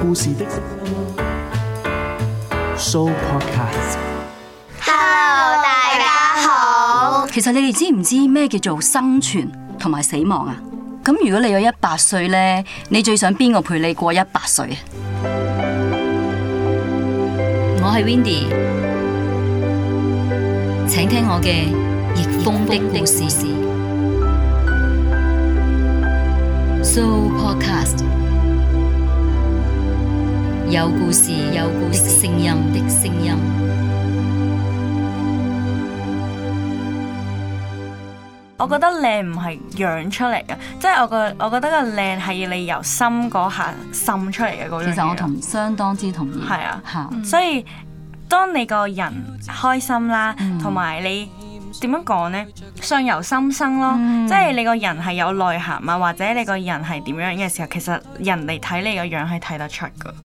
故事的 show podcast，Hello，大家好。其實你哋知唔知咩叫做生存同埋死亡啊？咁如果你有一百歲呢，你最想邊個陪你過一百歲啊？我係 Wendy，請聽我嘅逆風的的故事 show podcast。有故事，有故事聲音的聲音。我覺得靚唔係樣出嚟噶，即係我個，我覺得個靚係要你由心嗰下滲出嚟嘅嗰種。其實我同相當之同意，係啊。嗯、所以當你個人開心啦，同、嗯、埋你點樣講呢？相由心生咯，即、嗯、係你個人係有內涵啊，或者你個人係點樣嘅時候，其實人哋睇你個樣係睇得出噶。